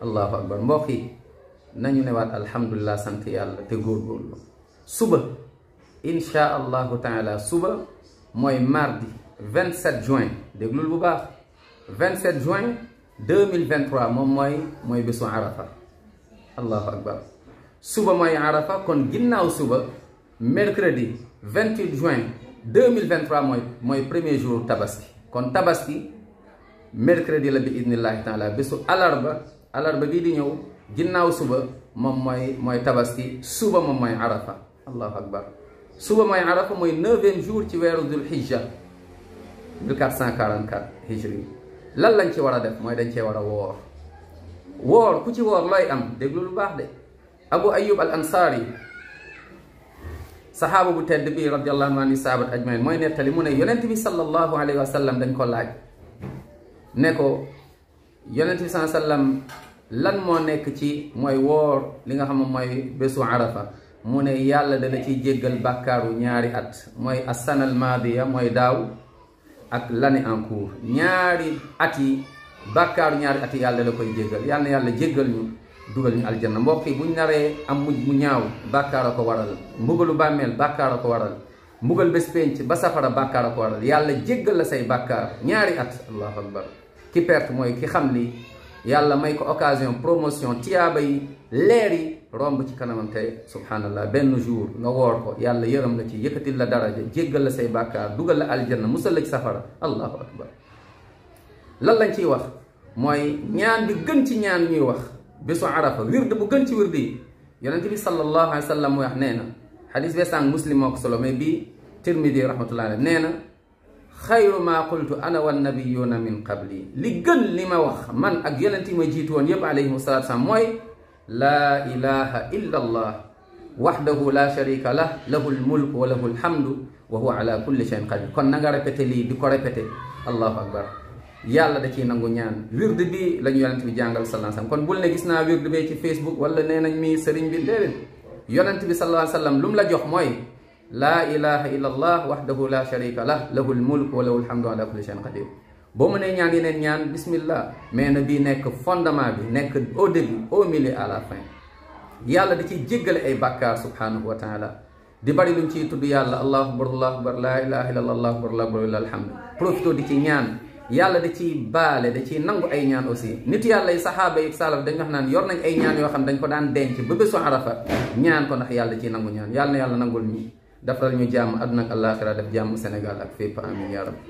allahu akbar mbokk yi nañu newaat alhamdulilah sant yàlla te góorgóorlu suba insha allahu taala suba mooy mardi juin déglul bu baax 27 juin 2023 moom mooy mooy bésu arafa allahu akbar suba mooy arafa kon ginnaaw suba mercredi 28 juin mooy mooy premier jour tabaski kon tabaski mercredi la bi idnillahi taala bésu alarba alarba bii di ñëw ginnaaw suba moom mooy mooy tabaski suba moom mooy arafa allahu akbar suba mooy arafa mooy neuvième jour ci weeru dul hijja 1444 hijri lan lañ ci war a def mooy dañ cee war a woor woor ku ci woor looy am déglu lu baax de abu ayub al ansaari saxaaba bu tedd bi radiallahu anhu saabat ajmain mooy nettali mu ne yonent bi sallallahu alayhi wa sallam ko laaj ne ko yonent bi saa sallam lan moo nekk ci mooy woor li nga xam mooy bésu arafa mu ne yàlla dana ciy jéggal bàkkaaru ñaari at mooy asanal maadiya mooy daaw ak l'année en ñaari at yi bàkkaaru ñaari at yàlla la koy jéggal yàlla na yàlla jéggal ñu dugal ñu aljanna mbokk yi buñ naree am mujj mu ñaaw bàkkaar a ko waral mbugalu bàmmeel bàkkaar a ko waral mbugal bés penc ba safara bàkkaar a ko waral yàlla jéggal la say bàkkaar ñaari at allahu akbar ki perte mooy ki xam li yàlla may ko occasion promotion tiyaaba yi leer yi romb ci kanamam tey subhanallah benn jour nga woor ko yàlla yërëm la ci yëkkatil la daraja jéggal la say bàkkaar dugal la aljanna musal safara allahu akbar lan lañ ciy wax mooy ñaan bi gën ci ñaan ñuy wax bésu arafa wird bu gën ci wird yi yonent bi sallallahu alayhi wax nee na xadis be sàng muslim moo ko solo mais bii tirmidi rahmatullahi nee na xayru maa qultu ana wa nabiyuuna min qabli li gën li ma wax man ak yonent yi ma jiitu woon yépp alayhim salaatu salaam mooy laa ilaha illa allah waxdahu la sharika lah lahu lmulk wa lahu lhamdu wa huwa ala kulli shayin qadir kon na nga répété lii di ko répété allahu akbar yàlla da ciy nangu ñaan wirde bi la ñu yonent bi jàngal sallallahu alayhi wasallam kon bul ne gis naa wirde bee ci facebook wala nee nañ mi sëriñ bi déedéet yonent bi sallallahu alayhi wasallam lu mu la jox mooy laa ilaha illa allah wahdahu la sharika la lahu lmulk wa lahu lhamdu ala kulli shay'in qadir boo mënee ñaan yeneen ñaan bismillah mais na bii nekk fondement bi nekk au début au milieu à fin yàlla da ciy jéggale ay bàkkaar subhanahu wa taala di bari lu ñu ciy tudd yàlla allahu akbar allahu akbar laa ilaha illa allah allahu akbar allahu akbar alhamdu profito di ci ñaan yàlla da ciy baale da ciy nangu ay ñaan aussi nit yàlla yi saxaaba yi salaf dañ wax naan yor nañ ay ñaan yoo xam dañ ko daan denc ba bésu arafa ñaan ko ndax yàlla ciy nangu ñaan yàlla na yàlla nangul ñi dafaral ñu jàmm àdduna ak àllaaxira def jàmm Sénégal ak fépp amin yaa rabbi